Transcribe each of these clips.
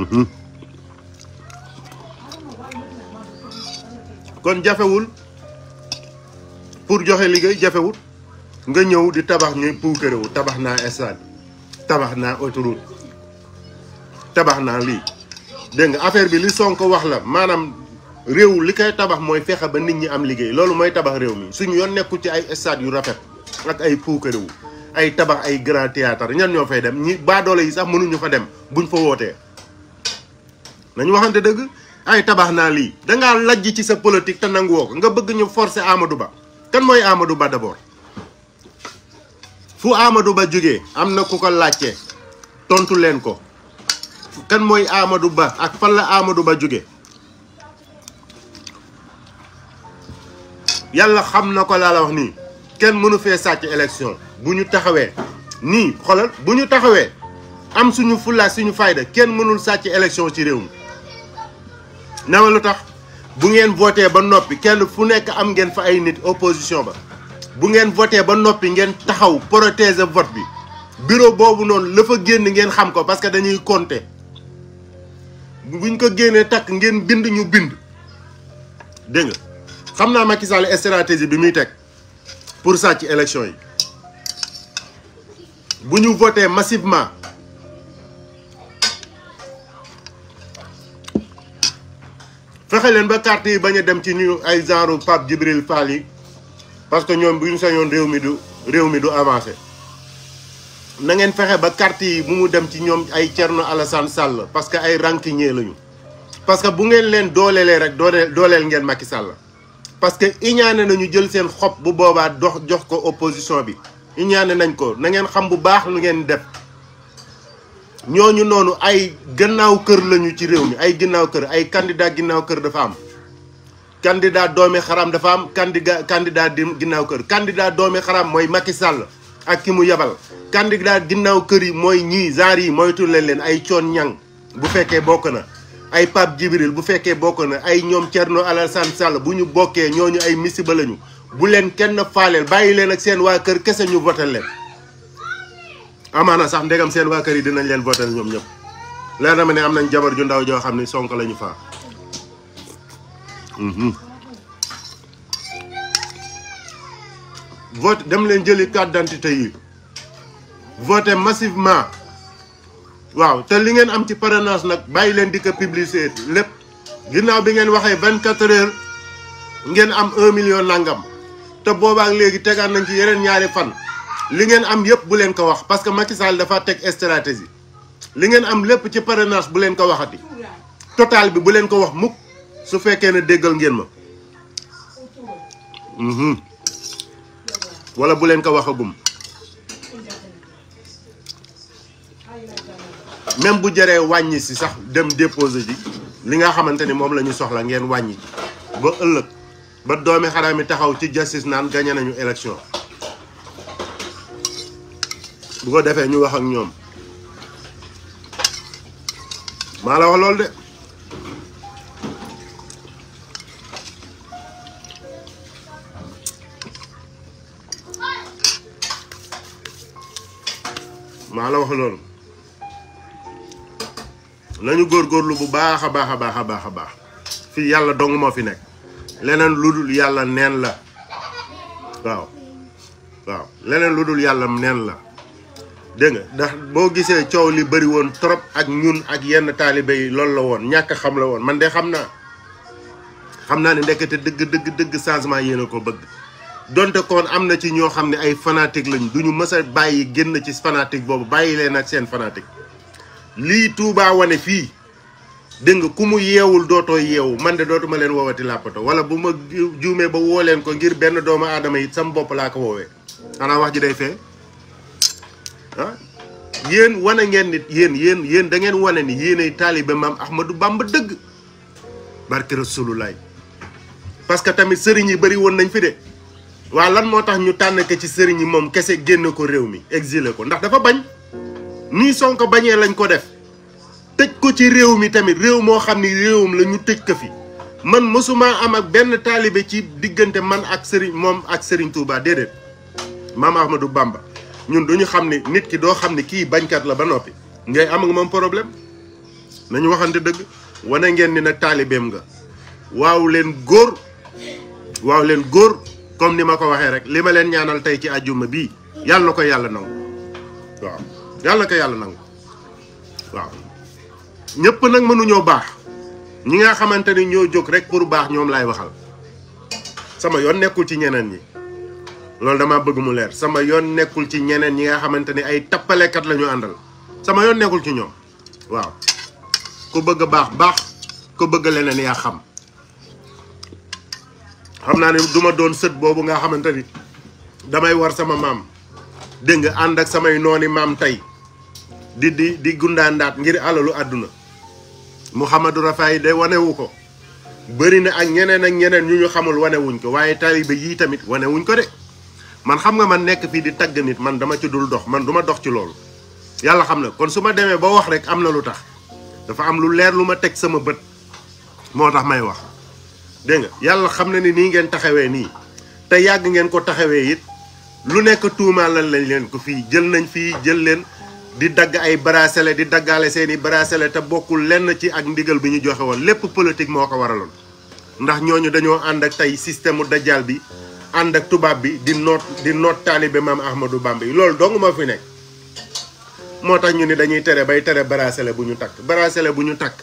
Mhm. kon jafewul pour joxe liggéey jafewul nga ñëw di tabax ñuy puukarewu tabax naa estade tabax naa autoroute tabax naa lii dégg nga affaire bi li sonk wax la maanaam réew li koy tabax mooy fexe ba nit ñi am liggéey loolu mooy tabax réew mi suñ yoon nekku ci ay stade yu rafet ak ay puukarewu ay tabax ay grand théâtre ñan ñoo fay dem ñi baadoole yi sax mënuñu fa dem buñ fa wootee nañu waxante dëgg ay tabax naa lii dangaa lajj ci sa politique te nanguwoo ko nga bëgg ñu forcer amadu Ba kan mooy amadu Ba d'abord fu Amadou Ba jóge am na ku ko laajte tontu leen ko kan mooy Amadou Ba fan la Amadou Ba jóge yàlla xam na ko laa la wax nii kenn mënu fee sàcc élection bu ñu taxawee nii xolal bu ñu taxawee am suñu fulla suñu fayda kenn mënul sàcc élection ci réew mi nama lu tax bu ngeen voté ba noppi kenn fu nekk am ngeen fa ay nit opposition ba bu ngeen voté ba noppi ngeen taxaw protéger vote bi bureau boobu noonu la fa génn ngeen xam ko parce que dañuy compter buñ ko génnee takk ngeen bind ñu bind dégg nga xam naa Macky Sall stratégie bi muy teg pour sàcc élection yi bu ñu voté massivement fexe leen ba carte yi bañ a dem ci ñu ay genre Pape Djibril Fall yi parce que ñoom bu ñu sañoon réew mi du réew mi du avancé na ngeen fexe ba carte yi bu mu dem ci ñoom ay Thierno Alassane Sall parce que ay rancunier lañu parce que bu ngeen leen doolelee rek dooleel dooleel ngeen Macky sàll parce que iñaane nañu jël seen xob bu boobaa dox jox ko opposition bi iñaane nañ ko na ngeen xam bu baax lu ngeen def ñooñu noonu ay gannaaw kër lañu ci réew mi ay ginnaaw kër ay candidat ginnaaw kër dafa am candidat doomi xaram dafa am candidat candidat di ginnaaw kër candidat doomi xaram mooy Macky sàll ak ki mu yabal candidat ginnaaw kër yi mooy ñii genre yi moytu leen leen ay coon ñang bu fekkee bokk na ay Pape Djibril bu fekkee bokk na ay ñoom Thierno Alassane Sall bu ñu bokkee ñooñu ay misiba lañu bu leen kenn faaleel bàyyi leen ak seen waa kër kese ñu votal leen amaana sax ndegam seen waa kër yi dinañ leen voté ñoom ñëpp leer na ma ne am nañ jabar ju ndaw joo xam ne sonk lañu ñu faa. Mhm. vote dem leen jëli carte d'identité yi voté massivement waaw te li ngeen am ci parrainage nag bàyyi leen di ko lépp ginnaaw bi ngeen waxee vingt quatre heures ngeen am un million nangam te boobaak léegi tegaat nañ ci yeneen ñaari fan. li ngeen am yëpp bu leen ko wax parce que Macky dafa teg stratégie li ngeen am lépp ci parrainage bu leen ko waxati total bi bu leen ko wax mukk su fekkee ne déggal ngeen ma mhm. wala bu leen ko waxagum même bu jëree wàññi si sax dem déposer ji li nga xamante ni moom la soxla ngeen wàññi ba ëllëg ba doomi xaraam yi taxaw ci justice naan gañe nañu élection bu defee ñu wax ak ñoom maa la wax loolu de maa la wax loolu góor góorlu bu baax a baax a baax a baax a baax fii yàlla dong moo fi nekk leneen lu dul yàlla neen la waaw waaw leneen lu dul yàlla neen la dégg nga ndax moo gisee coow li bëri woon trop ak ñun ak yenn taalibe yi loolu la woon ñàkk xam la woon man de xam naa xam naa ne ndekete dëgg dëgg changement yéen a ko bëgg donte kon am na ci ñoo xam ne ay fanatique lañ duñu mës a bàyyi génn ci fanatique boobu bàyyi leen ak seen fanatique lii Touba wane fii dégg nga ku mu yeewul dootoo yeewu man de dootuma leen woowati làppato wala bu ma juumee ba woo leen ko ngir benn doomu aadama yi sam bopp laa ko woowee xanaa ji day ah yéen wane ngeen nit yéen yéen yéen da ngeen wane ni yéenay taalibe maam Ahmadou Bamba dëgg barke Rasulullaay parce que tamit sëriñ yi bari woon nañ fi de waa lan moo tax ñu tànn ko ci sëriñ yi moom kese génne ko réew mi exilé ko ndax dafa bañ nii sonk bañee lañ ko def tëj ko ci réew mi tamit réew moo xam ni réewam la ñu tëj ko fi man mësuma am ak benn taalibe ci diggante man ak sëriñ moom ak sëriñ Touba déedéet maam Ahmadou Bamba ñun ñu xam ne nit ki doo xam ne kii bañkat la ba noppi ngay am ak moom problème nañu waxante dëgg wane ngeen ni nag taalibeem nga waaw leen góor waaw leen góor comme ni ma ko waxee rek li ma leen ñaanal tey ci àjjuma bii yàlla ko yàlla nangu waaw yàlla ko yàlla nangu waaw ñëpp nag mënuñoo baax ñi nga xamante ni ñoo jóg rek pour baax ñoom lay waxal sama yoon nekkul ci ñeneen ñi loolu damaa bëgg mu leer sama yoon nekkul ci ñeneen ñi nga xamante ne ay tappalekat lañu àndal sama yoon nekkul ci ñoom waaw ko bëgg baax baax ku bëgg leneen yaa xam xam naa ne duma doon sët boobu nga xamante ni damay war sama maam dégg nga ànd ak samay nooni maam tey di di di gundaandaat ngir alalu àdduna mu Mouhamadou Rafaay de wanewu ko bari na ak ñeneen ak ñeneen ñu ñu xamul wanewuñ ko waaye taalibe yii tamit wanewuñ ko de man xam nga man nek fi di tag nit man dama ci dul dox man duma dox ci lool yalla xam na kon suma deme ba wax rek amna lutax dafa am lu leer luma tek sama beut motax may wax de nga yalla xam na ni ni ngeen taxawé ni te yag ngeen ko taxawé yit lu nekk lan lañ leen ko fi jël nañ fi jël leen di dag ay bracelet di dagale seeni bracelet te bokul len ci ak ndigal biñu ñu lepp politique moko waralon ndax ñoñu dañoo and ak tay système dajal bi ànd ak tubaab bi di noot di noot taalibe maam Ahmadou Bamba yi loolu dong moo fi nekk moo tax ñu ne dañuy tere bay tere bracelet bu ñu takk bracelet bu ñu takk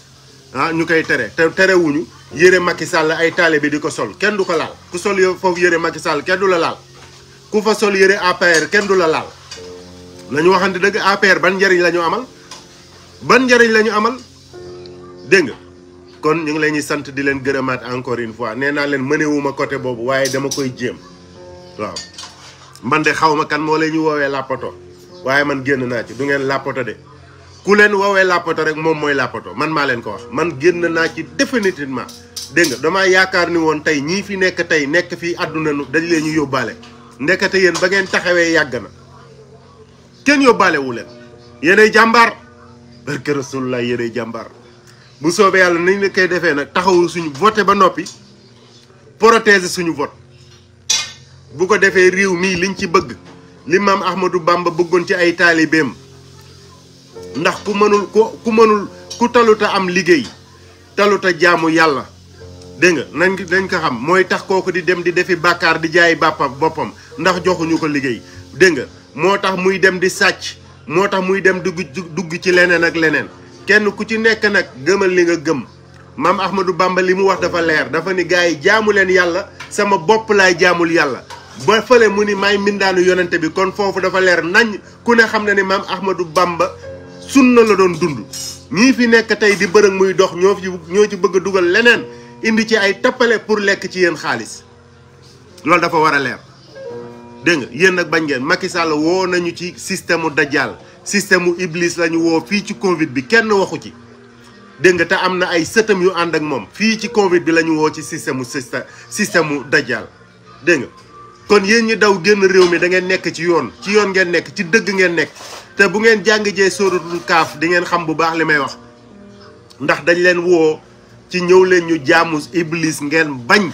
ah ñu koy tere te terewuñu yére Macky Sall ay taalibe di ko sol kenn du ko laal ku sol yow foofu yére Macky Sall kenn du la laal ku fa sol yére APR kenn du la laal nañu waxante dëgg APR ban njëriñ la ñu amal ban njariñ lañu amal dégg nga kon ñu ngi leen ñuy sant di leen gërëmaat encore une fois nee naa leen mënewuma côté boobu waaye dama koy jéem waaw man de xaw ma kan moo leen ñu woowee làppato waaye man génn naa ci du ngeen làppato de ku leen woowee làppato rek moom mooy làppato man maa leen ko wax man génn naa ci définitivement dégg nga damaa yaakaar ni woon tey ñii fi nekk tey nekk fii àdduna nu dañ leen ñu yóbbaale ndekete yéen ba ngeen taxawee yàgg na kenn yóbbaale leen yéenay jàmbaar barke rasulullah yéenay jàmbaar bu soobee yàlla nañ la koy defee nag taxawu suñu voté ba noppi protéger suñu vote bu ko defee réew mii liñ ci bëgg li maam Ahmadou Bamba bëggoon ci ay taalibeem ndax ku mënul ku ku mënul ku taluta am liggéey taluta jaamu yàlla dégg nga nan nañ ko xam mooy tax kooku di dem di defi bàkkaar di jaay bàppam boppam ndax joxuñu ko liggéey dégg nga moo tax muy dem di sàcc moo tax muy dem dugg dugg ci leneen ak leneen kenn ku ci nek nak gëmal li nga gëm mam ahmadou bamba limu wax dafa leer dafa ni gaay jaamu len yalla sama bop lay jaamul yalla ba fele muni may mindanu yonente bi kon fofu dafa leer nañ ku ne xamna ni mam ahmadou bamba sunna la doon dund ñi fi nek tay di bërek muy dox ño fi ño ci bëgg duggal leneen indi ci ay tapalé pour lek ci yeen xaaliss loolu dafa wara leer deng yeen nak bañ ngeen Macky Sall wo nañu ci système dajjal système mu Iblis lañu woo fii ci Covid bi kenn waxu ci dégg nga te am na ay sëtam yu ànd ak moom fii ci Covid bi la ñu woo ci système mu système mu dajjal dégg nga kon yéen ñi daw génn réew mi da ngeen nekk ci yoon ci yoon ngeen nekk ci dëgg ngeen nekk te bu ngeen jàng jee sóoratul kaaf di ngeen xam bu baax li may wax ndax dañ leen woo ci ñëw leen ñu jaamu Iblis ngeen bañ.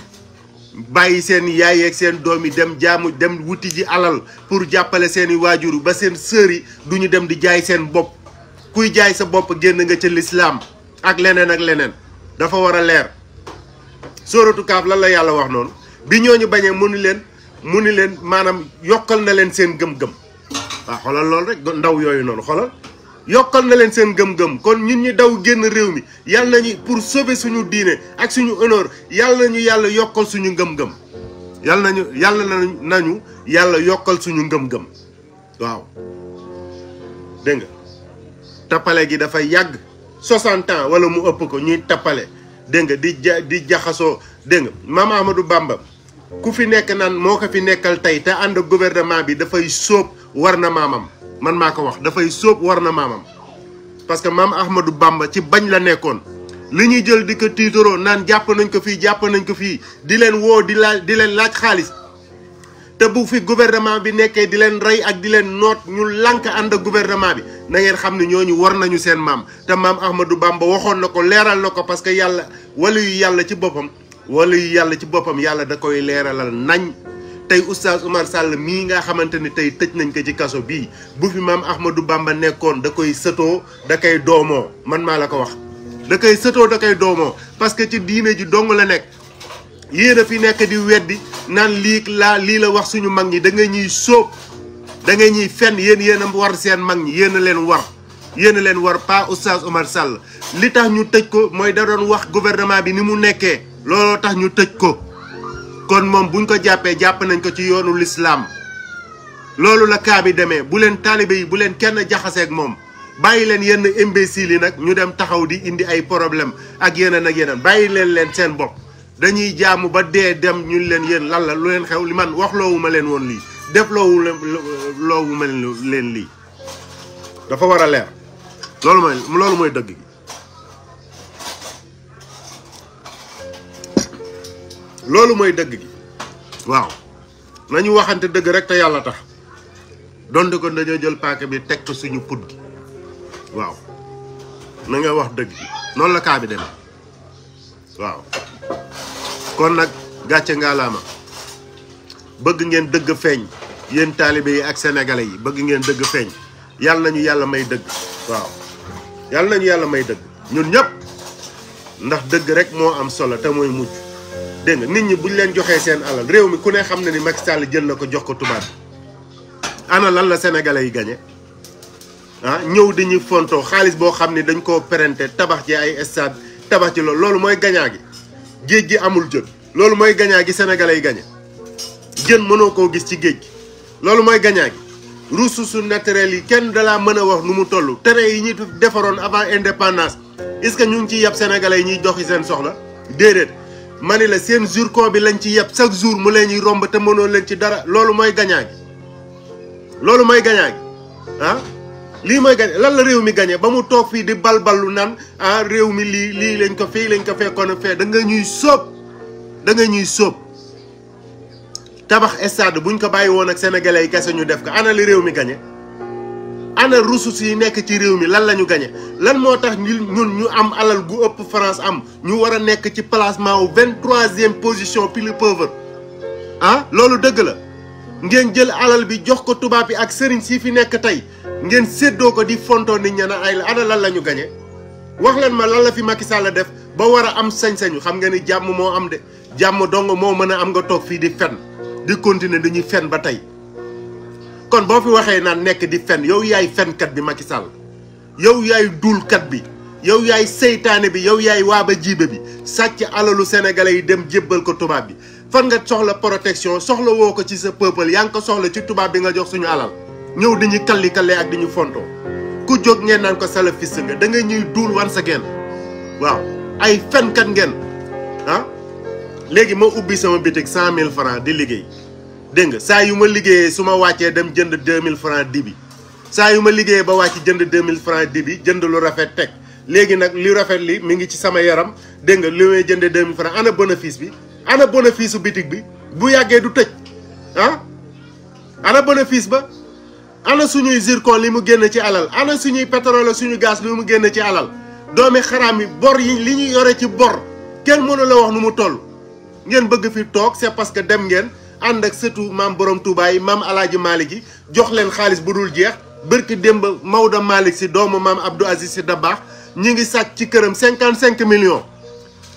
bàyyi seen yaay ak seen doom yi dem jaamu dem wuti ji alal pour jàppale seeni waajur ba seen sœur yi du ñu dem di jaay seen bopp kuy jaay sa bopp génn nga ca lislaam ak leneen ak leneen dafa war a leer sóoratu kaaf lan la yàlla wax noonu bi ñu bañee mu ni leen mu ni leen maanaam yokkal na leen seen gëm-gëm waaw xoolal loolu rek ndaw yooyu noonu xoolal yokal na sen sen gem gem kon ñun ñi daw genn rew mi yalla nañu pour sauver suñu diiné ak suñu honneur yalla nañu yalla yokal suñu gem gem yalla nañu yalla nañu yalla yokal suñu gem gem waaw deng nga tapalé gi dafa yag 60 ans wala mu ëpp ko ñuy tapalé deng nga di di jaxaso deng nga Amadou Bamba ku fi nekk nan moko fi nekkal tay te and gouvernement bi da fay soop warna mamam man maa ko wax dafay sóob war na maamam parce que maam Ahmadou bàmba ci bañ la nekkoon li ñuy jël di ko tiitaroo naan jàpp nañ ko fii jàpp nañ ko fii di leen woo di laaj di leen laaj xaalis te bu fi gouvernement bi nekkee di leen rey ak di leen noot ñu lànk ànd ak gouvernement bi na ngeen xam ne ñoo ñooñu war nañu seen maam te maam Ahmadou Bamba waxoon na ko leeral na ko parce que yàlla wala yu yàlla ci boppam wala yu yàlla ci boppam yàlla da koy leeralal nañ tay oustaz Oumar Sall mi nga xamanteni tay tejj nañ ko ci kasso bi bu fi mam Ahmadou Bamba nekkoon da koy da kay domo man ma la ko wax. da kay sëtoo da kay domo parce que ci diine ji dong la nek yeena fi nek di weddi nan li la li la wax suñu mag ni da nga ñuy soop da nga ñuy fenn yeen yéen war seen mag ni yéen leen war. yéen leen war pa oustaz Oumar Sall li tax ñu tejj ko moy da doon wax gouvernement bi ni mu nekké lolo tax ñu tejj ko. kon moom buñ ko jàppee jàpp nañ ko ci yoonu lislaam loolu la kaa bi demee bu leen taalibe yi bu leen kenn jaxasee ak moom bàyyi leen yenn imbéciles li nag ñu dem taxaw di indi ay problème ak yeneen ak yeneen bàyyi leen leen seen bopp dañuy jaamu ba dee dem ñu leen yéen lan la lu leen xew li man wax loowu ma leen woon lii def loowu loowu ma leen lii dafa war a leer loolu mooy loolu mooy dëgg gi loolu mooy dëgg gi waaw nañu waxante dëgg rek te yàlla tax donte ko dañoo jël paaka bi teg suñu put gi waaw na wax dëgg gi noonu la kaa bi demee waaw kon nag gàcce ngaalaama bëgg ngeen dëgg feeñ yéen taalibe yi ak sénégalais yi bëgg ngeen dëgg feeñ yàlla nañu yàlla may dëgg waaw yàlla nañu yàlla may dëgg ñun ñëpp ndax dëgg rek moo am solo te mooy mujj dégg nga nit ñi bu ñu leen joxee seen alal réew mi ku ne xam na ni mag Sall jël na ko jox ko tubaab ana lan la sénégalais yi gagné ah ñëw dañuy fontoo xaalis boo xam ni dañ koo pérente tabax ci ay stade tabax ci loolu loolu mooy gañaa gi géej gi amul jën loolu mooy gañaa gi sénégalais yi gagné jën mënoo koo gis ci géej gi loolu mooy gañaa gi ressources naturelles yi kenn dalaa mën a wax nu mu toll terrain yi ñu defaroon avant indépendance est-ce que ñu ci ciy senegal yi ñuy doxi seen soxla déedéet manila la jour ko bi lañ ci yeb chaque jour mu lañuy romb te mëno leñ ci dara lolu moy gagnant gi loolu moy gagnant gi ah? li moy lan la rew mi gagné ba mu tok fi di balbalu nan ah rew mi li li lañ ko fi lañ ko fekkon fe da nga ñuy sop da nga ñuy sop tabax stade buñ ko bayiwon ak sénégalais ñu def ko ana li rew mi gagné ana ressources yi nek ci rew mi lan lañu gagné lan motax ñun ñu am alal gu upp France am ñu wara nek ci placement 23e position pile pauvre ah lolu deug la ngeen jël alal bi jox ko tuba bi ak serigne si fi nekk ngeen seddo ko di fonto nit ñana ay la ana lan lañu gagné wax lan ma lan la fi Macky Sall def ba wara am sañ-sañu xam nga ni jamm mo am de jamm dong mo meuna am nga tok fi di fenn di continuer dañuy fen ba tay kon boo fi waxee naan nekk di fen yow yaay fenkat bi Macky Sall yow yaay duulkat bi yow yaay seytaane bi yow yaay waaba jiibe bi sàcc alalu sénégalais yi dem jébbal ko tubaab bi fan nga soxla protection soxla woo ko ci sa peuple yaa ngi ko soxla ci tubaab bi nga jox suñu alal ñëw di ñu kalli ak di ñu fontoo ku jóg ngeen naan ko salafiste nga da nga ñuy duul wan sa genn waaw ay fenkat ngeen ah? léegi moo ubbi sama bitik cent mille francs di liggéey dégg nga saa yu ma liggéeyee su ma wàccee dem jënd 2000 francs dibi saa yu ma liggéeyee ba wàcc jënd 2000 francs dibi jënd lu rafet teg léegi nag li rafet li mi ngi ci sama yaram dégg nga li may jëndee 2000 francs ana bénéfice bi ana bénéfice su bitig bi bu yàggee du tëj ah ana bénéfice ba ana suñuy zircon li mu génn ci alal ana suñuy pétrole suñu gaz li mu génn ci alal doomi xaraam yi bor yi li ñuy yore ci bor kenn mënu la wax nu mu toll ngeen bëgg fi toog c'est parce que dem ngeen ànd ak sëtu maam borom Touba maam El Hadj Malick yi jox leen xaalis bu dul jeex bërki démb Maodo Malick si doomu maam Abdou Aziz si Dabaax ñu ngi sàcc ci këram 55 millions.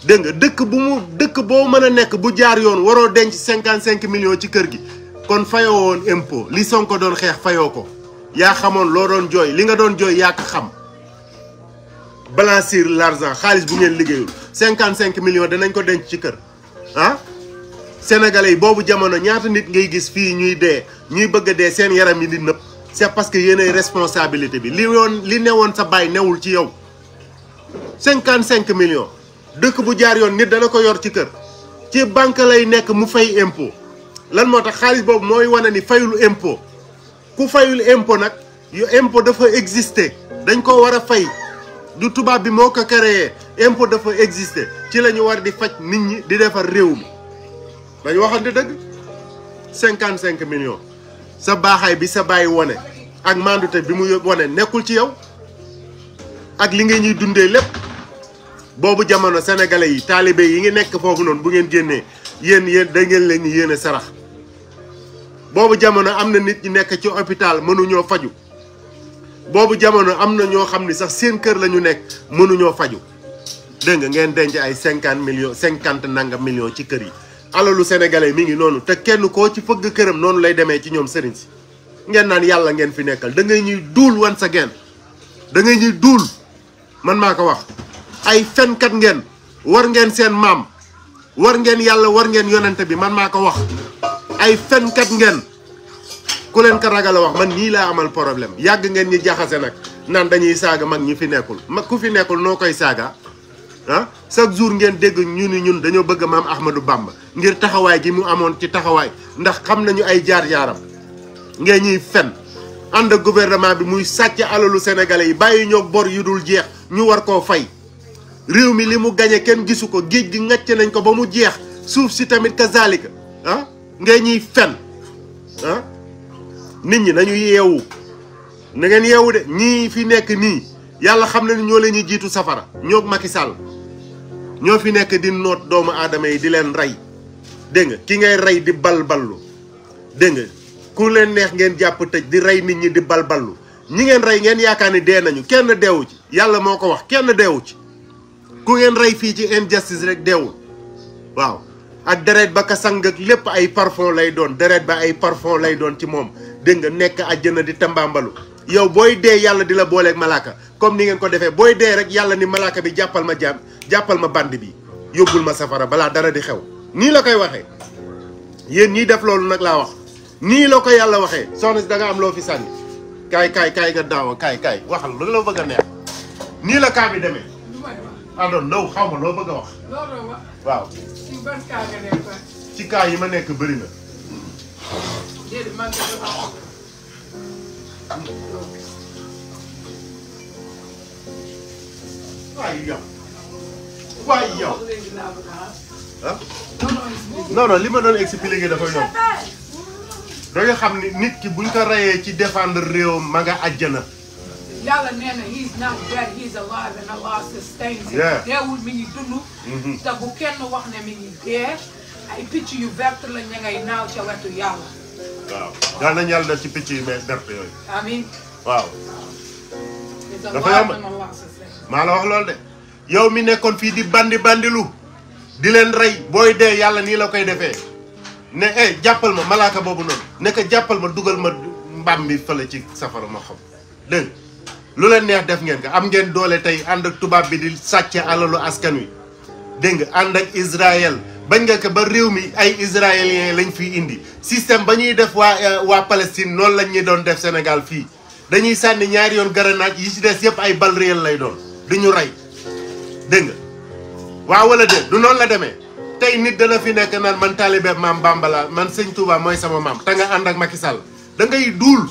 dégg nga dëkk bu mu dëkk boo mën a nekk bu jaar yoon waroo denc 55 millions ci kër gi kon fayoo woon impôt li Sonko doon xeex fayoo ko yaa xamoon loo doon jooy li nga doon jooy yaa ko xam. blanchir l'argent xaalis bu ngeen liggéeyul 55 millions danañ ko denc ci kër ah. sénégalais yi boobu jamono ñaata nit ngay gis fii ñuy dee ñuy bëgg a dee seen yaram yi di nëpp c'est parce que yéenay responsabilité bi li woon li newoon sa baay newul ci yow cinquante cinq millions dëkk bu jaar yoon nit dana ko yor ci kër ci banque lay nekk mu fay impôt lan moo tax xaalis boobu mooy wane ni fayul impôt ku fayul impôt nag yu impôt dafa existe dañ ko war a fay du tubaab bi moo ko créé impôt dafa exister ci la ñu war di faj nit ñi di defar réew mi dañ waxante dëgg cinquante cinq millions sa baaxaay bi sa bàyyi wone ak mandute bi mu wone nekkul ci yow ak li nga ñuy dundee lépp boobu jamono sénégalais yi taalibe yi ngi nekk foofu noonu bu ngeen génnee yéen yéen da leen ñu yéene sarax boobu jamono am na nit ñi nekk ci hôpital mënuñoo faju boobu jamono am na ñoo xam ni sax seen kër la ñu nekk mënuñoo faju dégg ngeen denc ay cinquante millions cinquante nangam millions ci kër yi alalu sénégalais mi ngi noonu te kenn koo ci fëgg këram noonu lay demee ci ñoom seriñ si ngeen naan yàlla ngeen fi nekkal da ngay ñuy duul once again da ngay ñuy duul man maa ko wax ay fenkat ngeen war ngeen seen maam war ngeen yàlla war ngeen yonente bi man maa ko wax ay fenkat ngeen ku leen ko ragal a wax man nii laa amal problème yàgg ngeen ñi jaxase nag naan dañuy saaga mag ñi fi nekkul mag ku fi nekkul noo koy saaga ah? chaque jour ngeen dégg ñu ni ñun dañoo bëgg maam Ahmadou bàmb ngir taxawaay gi mu amoon ci taxawaay ndax xam nañu ay jaar-jaaram ngeen ñuy fen ànd ak bi muy sàcc alalu sénégalais yi bàyyi ñoo bor yu dul jeex ñu war koo fay réew mi li mu gañe kenn gisu ko géej gi ngàcc nañ ko ba mu jeex suuf si tamit kazalika ah ngay ñuy fen ah. nit ñi nañu yeewu na ngeen yeewu de ñii fi nekk nii yàlla xam na ni ñoo leen ñuy jiitu safara ñoo Macky Sall ñoo fi nekk di noot doomu aadama yi di leen rey dégg nga ki ngay rey di balballu dégg nga ku leen neex ngeen jàpp tëj di rey nit ñi di balballu ñi ngeen rey ngeen yaakaar ni dee nañu kenn deewu ci yàlla moo ko wax kenn deewu ci ku ngeen rey fii ci injustice rek deewul waaw ak deret ba ka sang ak lépp ay parfum lay doon deret ba ay parfum lay doon ci moom dégg nga nekk àjjana di tambaambalu yow booy dee yàlla di la booleeg malaaka comme ni ngeen ko defee booy dee rek yàlla ni malaaka bi jàppal ma jàpp jappal ma bande bi yobul ma safara bala dara di xew ni la koy waxe yeen ñiy def lolou nak la wax ni la ko yalla waxe soxna da nga am lo fi sanni kay kay kay ga daw kay kay waxal lu la bëgg neex ni la ka bi demee pardon ah, no xaw ma loo bëgg wax waaw ci ka yi ma nekk na Ayo. waay yow li ma doon expliqué dafa ñoom da xam ni nit ki buñ ko reyee ci défendre réew ma nga àjjana. yàlla nee he is not dead he is alive and Allah mm-hmm. wax ne mi ngi dee ay picc yu vert la ngay naaw ca wetu yàlla. waaw daan nañu def ci picc yu vert yooyu. amiin maa la wax loolu de. yow mi nekkoon fii di bandi bandilu di leen rey booy dee yàlla nii la koy defee ne eh jàppal ma malaaka boobu noonu ne ko jàppal ma dugal ma mbaam mi fële ci safara ma xam dégg lu leen neex def ngeen nga am ngeen doole tey ànd ak tubaab bi di sàcce alalu askan wi dégg nga ànd ak Israël bañ nga ko ba réew mi ay israéliens lañ fi indi système ba ñuy def waa eh, waa Palestine noonu lañ ñuy doon def Sénégal fii dañuy sànni ñaari yoon garanaaj yi si des yëpp ay bal lay doon duñu rey dégg nga waaw wala déet du noonu la demee tey nit dana fi nekk naan man taalibe maam Bamba la man sëñ Touba mooy sama maam te nga ànd ak Macky sal da ngay duul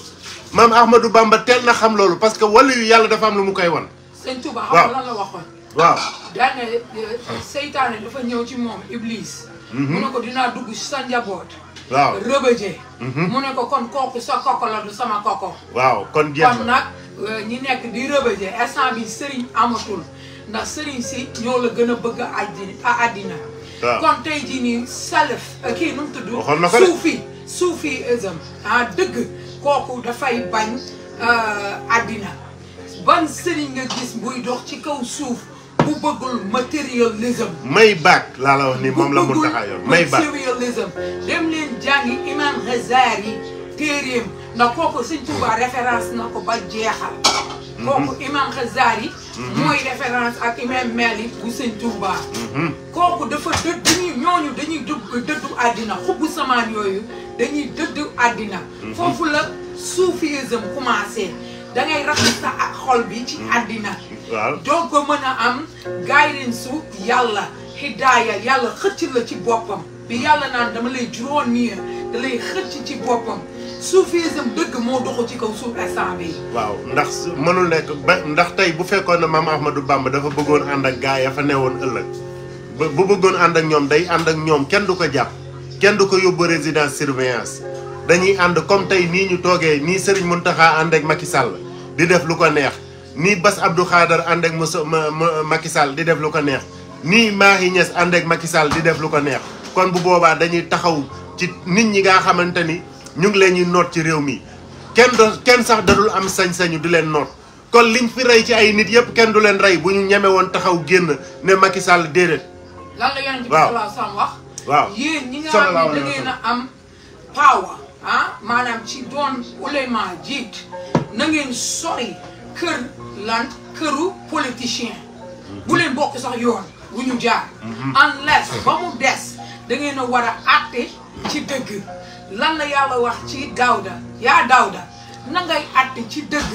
maam Ahmadou Bamba teel na xam loolu parce que wala yu yàlla dafa am lu mu koy wan. sëñ Touba xam lan la waxoon. waaw daan eh, seytaane dafa ñëw ci moom Iblis. Mhm. mu ne ko dinaa dugg ci sa njaboot. waaw rëbëjee. Mhm. mu ne ko kon kooku sa koko la du sama koko. waaw kon jeex kon eh, ñi nekk di rëbëjee instant bi sëriñ amatul. ndax sëriñ si ñoo la gën a bëgg a àddina a tey jii nii salaf kii nu mu tudd suufi suufi ism ah, dëgg kooku dafay bañ euh, àddina ban sëriñ nga gis buy dox ci kaw suuf bu bëggul matérialisme may baat laa la ni moom la mun taxaa yoon may baat matérialisme imam Ghazali téeréem ndax kooku sëñ Tuubaa référence na ko ba jeexal Mm-hmm. kooku imam yi mm-hmm. mooy référence ak imam yi bu seen Touba. Mm-hmm. kooku dafa dëdd dañuy ñooñu dañuy dëdd dëddu àddina xubbu samaan yooyu dañuy dëdd àddina foofu la soufisme commencé da ngay raxas sa ak xol bi ci àddina ko mën a am guidance yàlla hidaaya yàlla xëcc la ci boppam bi yàlla naan dama lay juróon nii da xëcc ci boppam soufisme dëgg moo doxu ci kaw suuf instant bi waaw ndax mënul nekk ba ndax tey bu fekkoon ne maam Ahmadou Bamba dafa bëggoon ànd ak gaa ya fa newoon ëllëg bu bëggoon ànd ak ñoom day ànd ak ñoom kenn du ko jàpp kenn du ko yóbbu résidence surveillance dañuy ànd comme tey nii ñu toogee nii Serigne Mountakha ànd ak Macky Sall di def lu ko neex nii Bass Abdou Khader ànd ak Macky Sall di def lu ko neex nii Mahi Niass ànd ak Macky Sall di def lu ko neex kon bu boobaa dañuy taxaw ci nit ñi nga xamante ñu ngi leen ñuy noot ci réew mi kenn do kenn sax dadul am sañ-sañu di leen noot kon liñ fi rey ci ay nit yëpp kenn du leen rey bu ñu ñeme woon taxaw génn ne Macky Sall déedéet. lan la yonent bi sallallahu wax. waaw yéen ñi nga xam ne a am power ah maanaam ci doon ulema jiit na ngeen sori kër lan këru politicien. bu leen bokk sax yoon wu ñu jaar. Mhm. unless ba mu des da a war a àtte ci dëgg. lan la yàlla wax ci Daawda yaa Daawda na àtte ci dëgg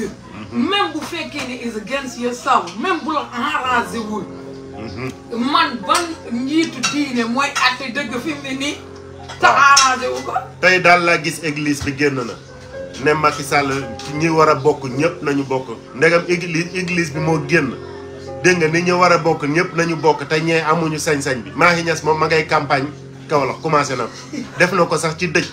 mhm. même bu fekkee ne is against yourself même bu la arrangé mhm. man ban njiitu diine mooy àtte dëgg fi mu ne nii ko tey daal laa gis église bi génn na ne Macky Sall ñi war a bokk ñëpp nañu bokk ndegam église église bi moo génn dégg nga ni ñu war a bokk ñëpp nañu bokk te ñee amuñu sañ-sañ bi Mahi Niass moom ma ngay campagne Kaolack commencé na def na ko sax ci dëj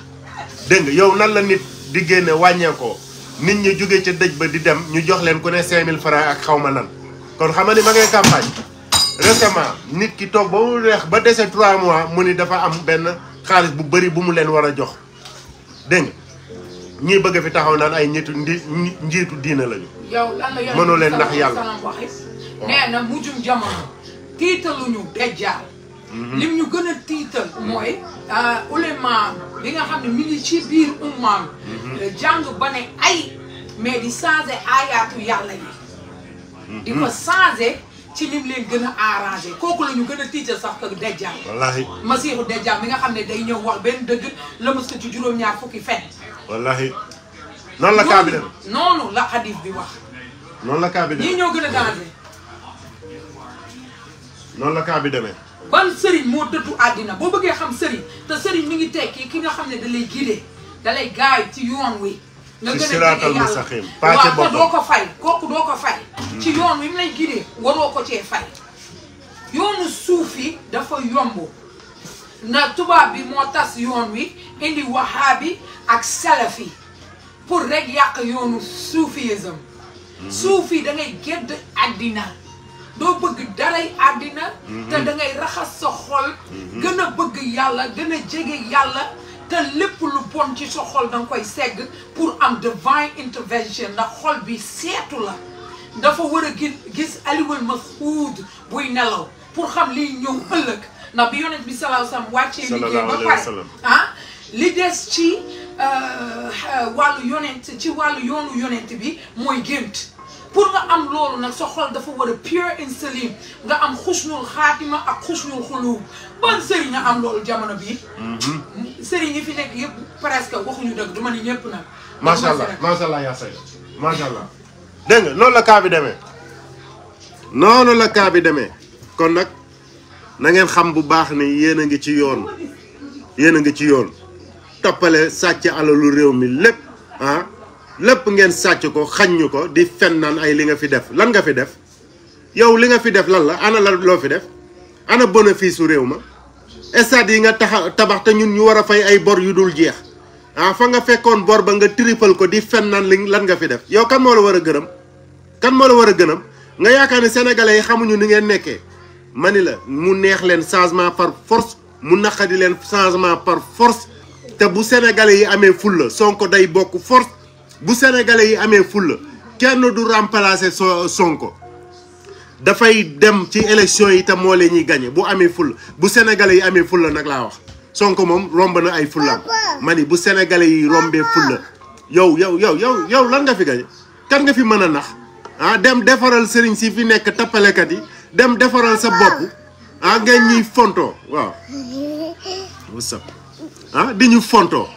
dégg nga yow nan la nit di génne wàññeekoo nit ñi jóge ca dëj ba di dem ñu jox leen ku ne 5000 francs ak xaw ma lan kon xam ni ma ngay campagne récemment nit ki toog ba mu neex ba dese 3 mois mu ni dafa am benn xaalis bu bari bu mu leen war a jox dégg nga ñii bëgg fi taxaw naan ay ñetti njiitu diina lañu. yow lan la yor mënoo leen ndax yàlla. tiitaluñu dajjaal. Mhm. lim ñu gën a tiital mooy. Euh, ulema bi nga xam ne mi ngi ci biir ummaam mhm. euh, jàng ba ne ay mais di changer aayaatu yàlla yi mhm. di ko changer ci lim leen gën a arrangé kooku la ñu gën a tiital sax ko dajjal wallaahi masiixu dajjal mi nga xam ne day ñëw wax benn dëgg la mës ko ci juróom-ñaar fukki fen wallaahi noonu la kaa bi dem noonu la la kaa bi demee ñii ñoo noonu la kaa ban sëriñ moo dëddu àddina boo bëggee xam sëriñ te sëriñ mi ngi tekki ki nga xam ne da lay guider da lay gaay ci yoon wi. nga gën a siraatal mustaqim pàcc boppam waaw te doo ko fay kooku doo ko fay. Hmm. ci yoon wi mu lay guider waroo ko cee fay. yoonu suuf yi dafa yomb na tubaab bi moo tas yoon wi indi wahaabi ak salafi pour rek yàq yoonu suufisme. Hmm. suuf yi da ngay gedd àddina. doo bëgg daray àddina mhm. te da ngay raxas sa xol mhm. gën a bëgg yàlla gën a jege yàlla te lépp lu bon ci sa xol da koy segg pour am divine intervention ndax xol bi seetu la dafa war a gis gis aliwal ma xuud buy nelaw pour xam li ñëw ëllëg ndax bi bi salaaw sam wàccee liggéey ba pare ah li des ci euh, wàllu yonent ci wàllu yoonu yonent bi mooy gént pour nga am loolu nag sa xol dafa war a pure and nga am xusnul xaatima ak xusnul xuluub ban sëriñ nga am loolu jamono bii. Mhm. sëriñ yi fi nekk yëpp presque waxuñu dëgg duma ni ñëpp nag. macha allah macha allah yaa dégg nga noonu la kaa bi demee. noonu la kaa bi demee. kon nag na ngeen xam bu baax ni yéen a ngi ci yoon yéen a ngi ci yoon toppale sàcc alalu réew mi lépp ah. lepp ngeen sàcc ko xaññu ko di fen naan ay li nga fi def lan nga fi def yow li nga fi def lan la ana la loo fi def ana bénéfice réew ma yi nga taxa tabax te ñun ñu war a fay ay bor yu dul jeex ah fa nga fekkoon bor ba nga triple ko di fen naan li lan nga fi def yow kan moo la war a kan moo la war a gërëm nga yaakaar ne sénégalais yi xamuñu ni ngeen nekkee mani la mu neex leen changement par force mu naqadi leen changement par force te bu sénégalais yi amee fulla sonko day bokk force bu sénégalais yi amee fulla kenn du remplacer so Sonko dafay dem ci élection yi te moo leen ñuy gagné bu amee fulla bu sénégalais yi amee fulla nag laa wax Sonko moom romb na ay fullaam ma ni bu sénégalais yi rombee fulla yow yow yow yow yow lan nga fi gagné kan nga fi mën a nax ah dem defaral sëriñ si fi nekk tappalekat yi dem defaral sa bopp ah ngeen ñuy fontoo waaw ah, di ñu fontoo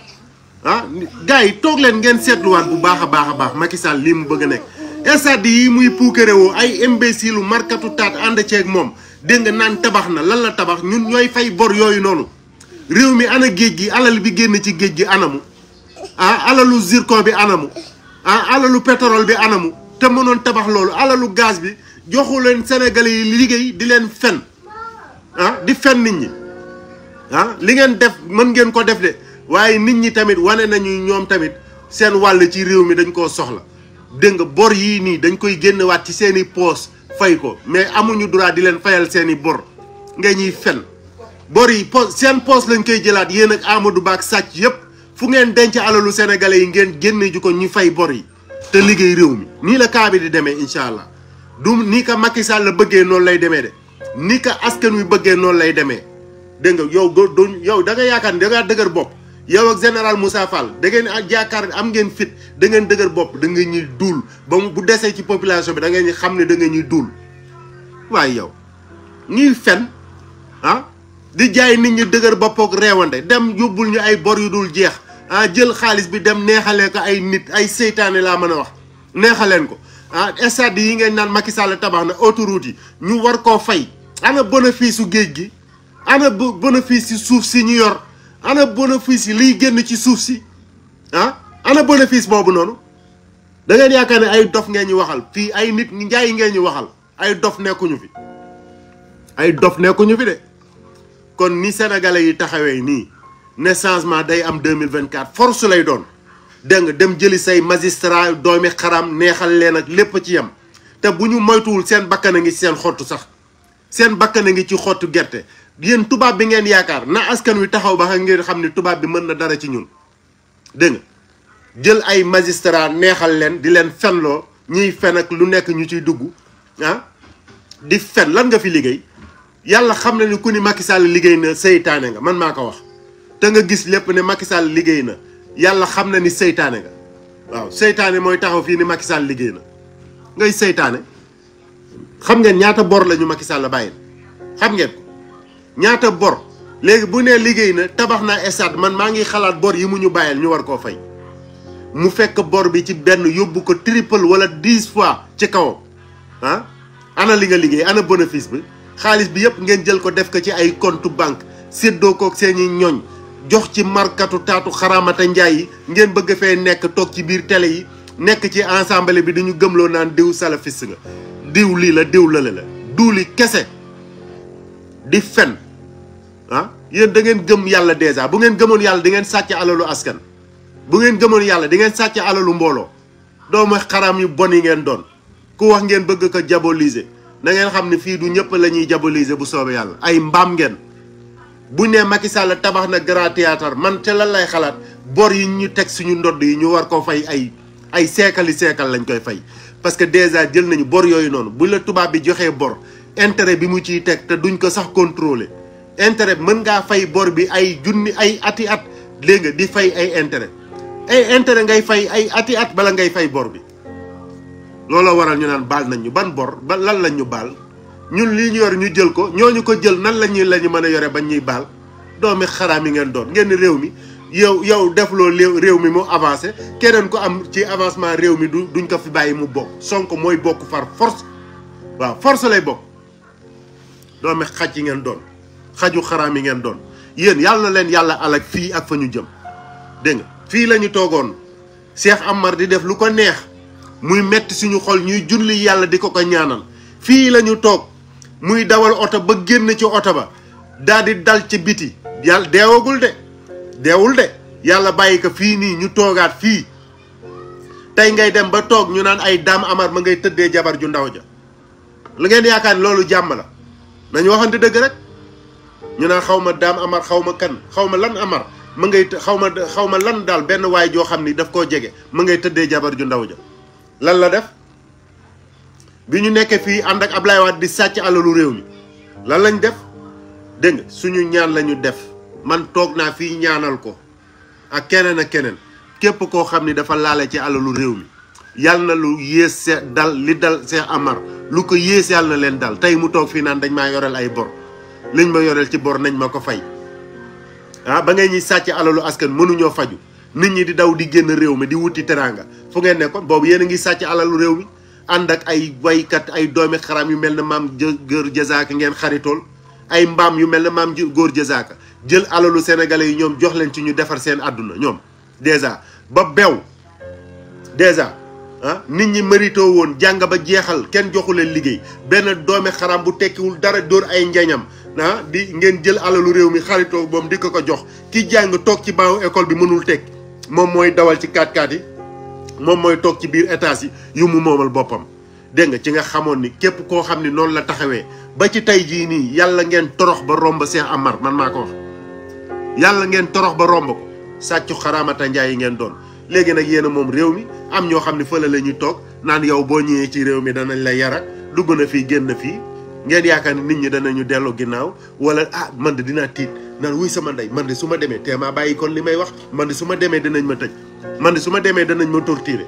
ah gars yi toog leen ngeen seetluwaat bu baax a baax a baax Macky Sall lii mu bëgg a nekk stade yi muy puukare woo ay imbécile lu markatu taat ànd ceeg moom dégg nga naan tabax na lan la tabax ñun ñooy fay bor yooyu noonu réew mi ana géej gi alal bi génn ci géej gi anamu ah alalu zircon bi anamu ah alalu pétrole bi anamu te mënoon tabax loolu alalu gaz bi joxu leen Sénégalais yi liggéey di leen fen ah di fen nit ñi ah li ngeen def mën ngeen ko def de waye nit ñi tamit wané nañu ñom tamit seen wàll ci réew mi dañ ko soxla dégg bor yi ni dañ koy wat ci seeni poste fay ko mais amuñu droit di len fayal seeni bor nga ñi fen bor yi po seen poste lañ koy jëlat yeen ak Amadou bak sacc yépp fu ngeen denc alalu sénégalais yi ngeen génne ju ko fay bor yi te liggéey réew mi ni la kaabi di démé inshallah du ni ka Macky Sall la bëggee lay démé dé ni ka askan wi bëggé non lay démé dégg yo yow yow da nga yaakaar da nga dëgër bop yow ak général Moussa Fall da ngeen jaakaar am ngeen fit da ngeen dëgër bopp da ngeen ñuy duul ba bu desee ci population bi da ngeen xam ne danga ñuy duul waaye yow ñuy fen ah di jaay nit ñi dëgër boppook reewande dem yóbbul ñu ay bor yu dul jeex ah jël xaalis bi dem neexalee ko ay nit ay seytaane laa mën a wax neexaleen ko ah stade yi ngeen naan Macky Sall tabax na autoroute yi ñu war koo fay ana bénéfice su géej gi ana bénéfice si suuf si ñu yor ana bénéfice yi liy génn ci suuf si ah ana bénéfice boobu noonu da ngeen yaakaar ne ay dof ngeen ñu waxal fii ay nit njaay ngeen ñu waxal ay dof nekkuñu fi ay dof nekkuñu fi de kon ni sénégalais yi taxawee nii ne changement day am deux mille vingt quatre force lay doon dégg nga dem jëli say magistrat doomi xaram neexal leen ak lépp ci yem te bu ñu moytuwul seen bakkan a ngi ci seen xottu sax seen bakkan a ngi ci xottu gerte yéen tubaab bi ngeen yaakaar na askan wi taxaw ba ngeen xam ni tubaab bi mën na dara ci ñun dégg nga jël ay magistrat neexal leen di leen fenloo ñiy fen ak lu nekk ñu ciy dugg ah, di fen lan nga fi liggéey yàlla xam na ni ku ni Macky liggéey na seytaane nga man maa ko wax te nga gis lépp ne Macky Sall liggéey na yàlla xam na ni seytaane nga waaw seytaane mooy taxaw fii ni Macky Sall liggéey na ngay seytaane xam ngeen ñaata bor la ñu Macky Sall bàyyi xam ngeen ñaata bor léegi bu nee liggéey na tabax naa stade man maa ngi xalaat bor yi mu ñu bàyyil ñu war koo fay mu fekk bor bi ci benn yóbbu ko triple wala dix fois ci kawam ah ana li nga liggéey ana bénéfice bi xaalis bi yëpp ngeen jël ko def ko ci ay compte banque séddoo koog seeni ñoñ jox ci markatu taatu xaraamata njaay yi ngeen bëgg fee nekk toog ci biir tele yi nekk ci ensemble bi dañu gëmloo naan diw salafiste nga diw lii la diwlale la duuli kese di fen ah yéen da ngeen gëm yàlla dèjà bu ngeen gëmoon yàlla di ngeen sàcc alalu askan bu ngeen gëmoon yàlla di ngeen sàcc alalu mbooloo doomu xaram yu bon yi ngeen doon ku wax ngeen bëgg ko diaboliser na ngeen xam ne fii du ñëpp la ñuy diaboliser bu soobee yàlla ay mbaam ngeen buñ ne Macky Sall tabax na grand théâtre man te lan lay xalaat bor yi ñu teg suñu ndodd yi ñu war ko fay ay ay seekali seekal lañ koy fay parce que dèjà jël nañu bor yooyu noonu bu la tubaab bi joxee bor intérêt bi mu ciy teg te duñ ko sax contrôler intérêt mën ngaa fay bor bi ay junni ay ati at léegi nga di fay ay intérêt ay intérêt ngay fay ay ati at bala ngay fay bor bi looloo waral ñu naan baal nañ ñu ban bor ba lan lañ ñu baal ñun lii ñu yor ñu jël ko ñooñu ko jël nan la ñuy la ñu mën a yore bañ ñuy baal doomi xaraam yi ngeen doon ngeen réew mi yow yow defloo loo réew mi mu avancé keneen ko am ci avancement réew mi du duñ ko fi bàyyi mu bokk sonk mooy bokk far force waaw force lay bokk doomi xaj yi ngeen doon xaju xaraam yi ngeen doon yeen yalla leen yàlla alak fi ak fa ñu jëm de nga fi lañu togon Cheikh Amar di def lu ko neex muy metti suñu xol ñuy julli yalla di ko ko ñaanal fi lañu tok muy dawal auto ba genn ci auto ba daal di dal ci biti yalla deewagul de deewul de yalla bayyi ko fi ni ñu togaat fi tay ngay dem ba tok ñu naan ay dam amar ma ngay tëddee jabar ju ndaw ja lu ngeen yaakaar loolu jamm la nañ waxante deug rek ñu naan xaw ma daam amar xaw ma kan xaw ma lan amar ma ngay xaw ma xaw ma lan daal benn waay joo xam ni daf koo jege ma ngay tëddee jabar ju ndaw ja lan la def bi ñu nekkee fii ànd ak Ablaye Wade di sàcc alalu réew mi lan lañ def dégg suñu ñaan lañu def man toog naa fii ñaanal ko ak keneen ak keneen képp koo xam ni dafa laale ci alalu réew mi yàlla na lu yées dal li dal Cheikh Amar lu ko yées yàlla na leen daal tey mu toog fii naan dañ maa yoreel ay bor lañ ma yoreel ci bor nañ ma ko fay ah ba ngay ñuy sàcc alalu askan mënuñoo faju nit ñi di daw di génn réew mi di wuti teraanga fu ngeen nekkoon boobu yéen a ngi sàcc alalu réew mi ànd ak ay waykat ay doomi xaram yu mel ne maam góor jazaaka ngeen xaritool ay mbaam yu mel ne maam góor jazaaka jël alalu sénégalais yi ñoom jox leen ci ñu defar seen àdduna ñoom dèjà ba bew dèjà ah nit ñi mérito woon jàng ba jeexal kenn joxu leen liggéey benn doomi xaram bu tekkiwul dara dóor ay njañam na di ngeen jël alalu réew mi xaritoo boom di ko ko jox ki jàng toog ci baaw école bi mënul teg moom mooy dawal ci 4x4 yi moom mooy toog ci biir étage yi yu mu moomal boppam dégg nga ci nga xamoon ni képp koo xam la taxawee ba ci tey jii nii yàlla ngeen torox ba romb Cheikh Amar man maa ko wax yàlla ngeen torox ba romb ko sàccu xaraamata njaay yi ngeen doon léegi nag yéen a moom réew mi am ñoo xam fële la ñuy yow boo ñëwee ci réew mi danañ la yara dugg na fii génn ngeen yaakaar nit ñi danañu delloo ginnaaw wala ah man de dinaa tiit naan wuy sama ndey man de su ma demee te teemaa bàyyi kon li may wax man de su ma demee danañ ma tëj man de su ma demee danañ ma torturer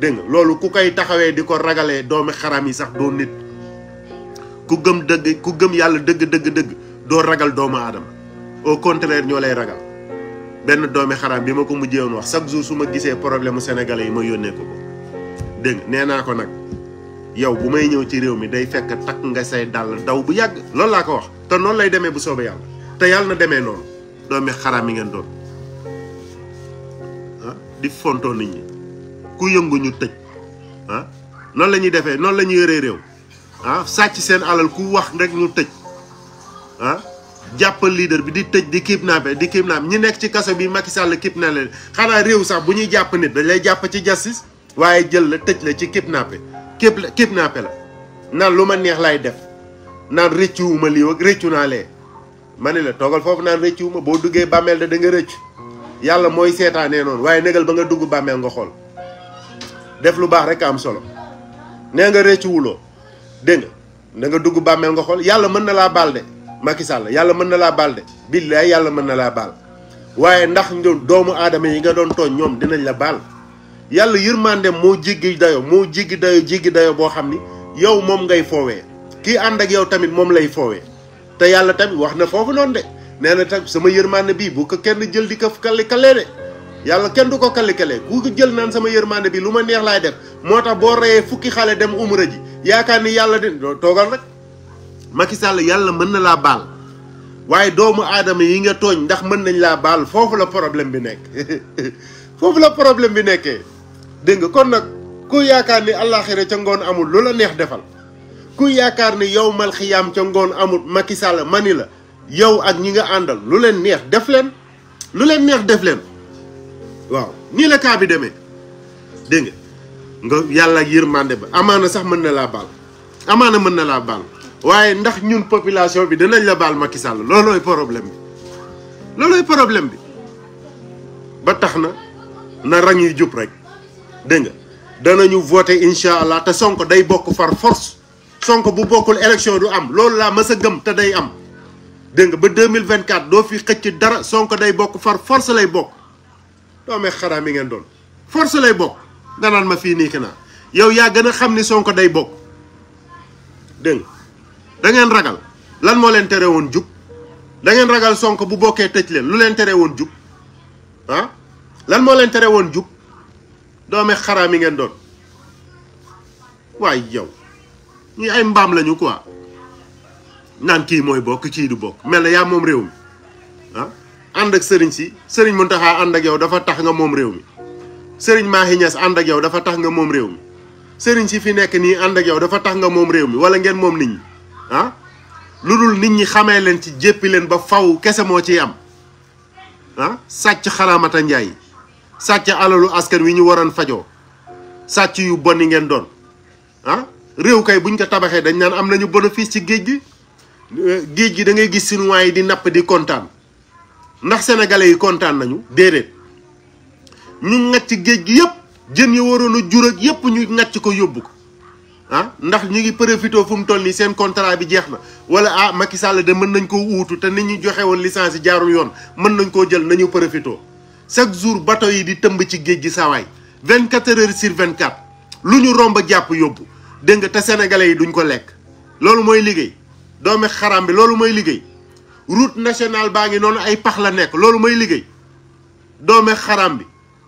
dégg nga loolu ku koy taxawee di ko ragalee doomi xaram yi sax doo nit ku gëm dëgg ku gëm yàlla dëgg dëgg dëgg doo ragal doomu aadama au contraire ñoo lay ragal benn doomi xaram bi ma ko mujjee woon wax chaque jour su ma gisee problème mu sénégalais yi ma yónnee ko dégg nee naa ko nag. yow bu may ñëw ci réew mi day fekk takk nga say dàll daw bu yàgg loolu laa ko wax te noonu lay demee bu soobee yàlla te yàlla na demee noonu doomi xaraam mi ngeen doon ah di fontoo nit ñi ku yëngu ñu tëj ah noonu la ñuy defee noonu la ñuy yoree réew ah sàcc seen alal ku wax rek ñu tëj ah jàppal leader bi di tëj di kidnappé di kidnappé ñi nekk ci kaso bi Macky Sall kidnappé leen xanaa réew sax bu ñuy jàpp nit dañ lay jàpp ci justice waaye jël la tëj la ci kidnappé Kip la nan luma neex lay def nan reccuuma lii ak reccu na le manela togal fofu nan reccuuma bo duggé bamél da da nga recc yalla moy sétané non waye negal ba nga dugg bamél nga xol def lu bax rek am solo ne nga rëccuwuloo dégg nga da nga dugg bamél nga xol yalla mën na la bal de Macky Sall yalla mën na la bal de billahi yalla mën na la bal waye ndax doomu nga don ñom dinañ la bal yàlla yërmande moo jéggi dayo moo jéggi dayo jéggi dayo boo xam ni yow moom ngay foowee kii ànd ak yow tamit moom lay foowee te yàlla tamit wax na foofu noonu de nee na tamit sama yërmande bii bu ko kenn jël di ko kalikalee de yàlla kenn du ko kalikalee ku ko jël naan sama yërmande bi lu ma neex laay def moo tax boo reyee fukki xale dem umra ji yaakaar ni yàlla di toogal rek Macky Sall yàlla mën na laa baal waaye doomu aadama yi nga tooñ ndax mën nañ laa baal foofu la problème bi nekk foofu la problème bi nekkee dégg nga kon nag ku yaakaar ni àllaaxira ca ngoon amul lu la neex defal kuy yaakaar ni yow mal xiyaam ca ngoon amul Macky Sall mani la yow ak ñi nga àndal lu leen neex def leen lu leen neex def leen waaw nii la kaa bi demee dégg nga nga yàlla yërmande ba amaana sax mën na laa baal amaana mën na laa baal waaye ndax ñun population bi dinañ la baal Macky Sall loolooy problème bi loolooy problème bi ba tax na na rang yi jub rek dégg nga ñu voté incha allah te sonk day bokk far force sonk bu bokkul élection du am loolu laa mës a gëm te day am dégg nga ba 2024 doo fi xëcc dara sonk day bokk far force lay bokk doomee xaraa mi ngeen doon force lay bokk nga ma fii nii ki naa yow yaa gën a xam ni sonk day bokk dégg nga da ngeen ragal lan moo leen tere woon jub da ngeen ragal sonk bu bokkee tëj leen lu leen tere woon jub ah lan moo leen tere woon jub doomi xaraam yi ngeen doon waaye yow ñu ay mbaam lañu quoi naan kii mooy bokk kii du bokk mel na yaa moom réew mi ah ànd ak sëriñ si sëriñ Mountakha ànd ak yow dafa tax nga moom réew mi sëriñ Mahi Niass ànd ak yow dafa tax nga moom réew mi sëriñ si fi nekk nii ànd ak yow dafa tax nga moom réew mi wala ngeen moom nit ñi ah lu dul nit ñi xamee leen ci jéppi leen ba faw kese moo ciy am ah sàcc xaraamata njaay sàcc alalu askan wi ñu waroon fajoo sàcc yu bon yi ngeen doon ah réew kay ñu ko tabaxee dañ naan am nañu bénéfice ci géej gi géej gi da ngay gis chinois yi di napp di kontaan ndax sénégalais yi kontaan nañu déedéet ñu ŋàcc géej gi yëpp jën yi waroon a jur ak yëpp ñu ŋàcc ko yóbbu ko ah ndax ñu ngi profité fu mu toll nii seen contrat bi jeex na wala ah Macky Sall de mën nañ koo uutu te nit ñi joxe woon licence jaarul yoon mën nañ koo jël nañu profité. chaque jour bateau yi di tëmb ci géej gi sawaay vingt quatre heures sur vingt lu ñu romb jàpp yóbbu dégg nga te sénégalais yi duñ ko lekk loolu mooy liggéey doomi xaram bi loolu mooy liggéey route nationale baa ngi noonu ay pax la nekk loolu mooy liggéey doome xaram bi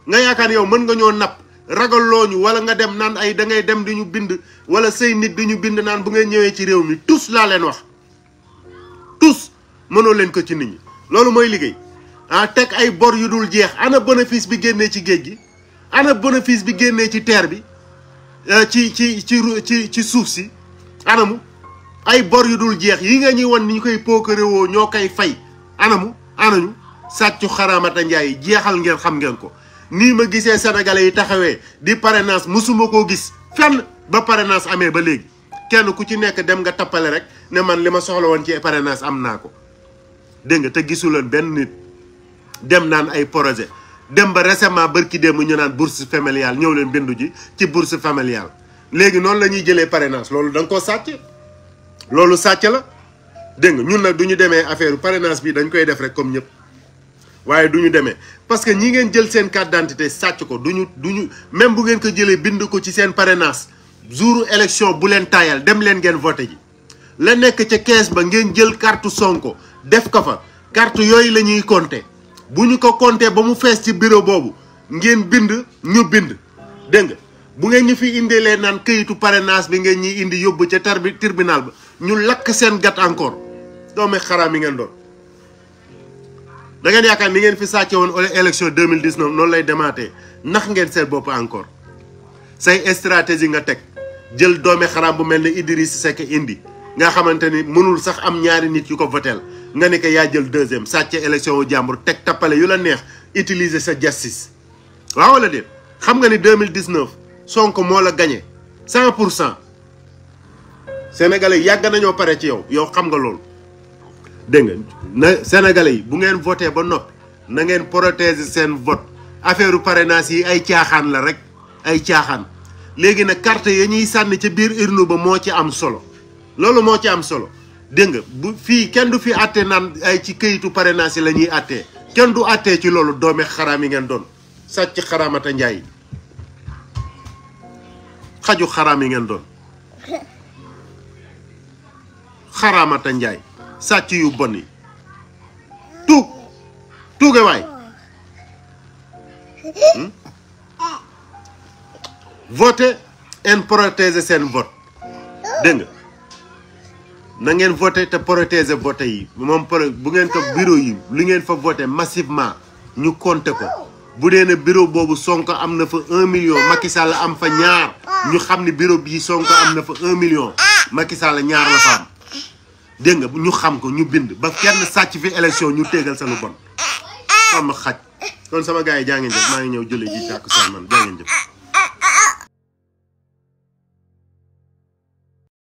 nga yaakaar yow mën nga ñoo napp ragal loo ñu wala nga dem naan ay da ngay dem di ñu bind wala say nit di ñu bind naan bu ngay ñëwee ci réew mi tous laa leen wax tous mënoo leen ko ci nit ñi loolu mooy liggéey ah teg ay bor yu dul jeex ana bénéfice bi génnee ci géej gi ana bénéfice bi génnee ci teer bi euh, ci ci ci ci suuf si anamu ay bor yu dul jeex yi nga ñuy won ni ñu koy pookarewoo ñoo koy fay anamu anañu sàccu xaraamata njaay jeexal ngeen xam ngeen ko nii ma gisee sénégalais yi taxawee di parrainage musuma koo gis fenn ba parrainage amee ba léegi kenn ku ci nekk dem nga tappale rek ne man li ma soxla woon ci parrainage am naa ko dégg nga te gisuleen benn nit dem naan ay projet dem ba récemment bërki démb ñu naan bourse familiale ñëw leen bindu ji ci bourse familiale léegi noonu la ñuy jëlee parrainage loolu danga nga koo sàcc loolu sàcc la dégg nga ñun nag du ñu demee affaire parrainage bi dañ koy def rek comme ñëpp waaye du ñu demee parce que ñi ngeen jël seen carte d'identité sàcc ko du ñu du ñu même bu ngeen ko jëlee bind ko ci seen parrainage jouru élection bu leen taayal dem leen ngeen voté ji la nekk ca kees ba ngeen jël carte Sonko def ko fa carte yooyu la ñuy compté bu ñu ko compté ba mu fees ci bureau boobu ngeen bind ñu bind dégg nga bu ngeen ñu fi indee leen naan këyitu parrainage bi ngeen ñuy indi yóbbu ca tarbi tribunal ba ñu lakk seen gat encore doomi xaraam yi ngeen doon da ngeen yaakaar ni ngeen fi sàcce woon ole élection 2019 noonu lay demaatee ndax ngeen seen bopp encore say stratégie nga teg jël doomi xaraam bu mel ne Idriss Seck indi nga xamante ni mënul sax am ñaari nit yu ko voteel nga ne ko yaa jël deuxième élection au jàmbur teg tappale yu la neex utiliser justice waaw sais déet xam nga 2019 Sonko moo la gagné 100%? sénégalais yàgg nañoo pare ci yow yow xam nga sénégalais yi bu ngeen voté ba na ngeen vote affaire parrainage ay caaxaan la rek ay carte ya ñuy urne ba ci am solo loolu moo ci solo dégg nga bu fii kenn du fi àtte naan ay ci kayitu parrainage yi la ñuy àttee kenn du àttee ci loolu doome xaraam yi ngeen doon sàcc xaraamata njaay xaju xaram yi ngeen doon xaraamata njaay sàcc yu bon yi tuug tuuge vote hmm? voter seen vote dégg nga na ngeen voté te protéger voté yi moom bu ngeen ko bureau yi li ngeen fa voté massivement ñu compté ko bu dee ne bureau boobu Sonko am na fa un million Macky Sall am fa ñaar ñu xam ni bureau bii Sonko am na fa un million Macky Sall ñaar la fa am dégg nga ñu xam ko ñu bind ba kenn sàcc fi élection ñu tégal sa lu bon xam xaj kon sama gars yi jaa maa ngi ñëw julli ji càkk man jaa ngeen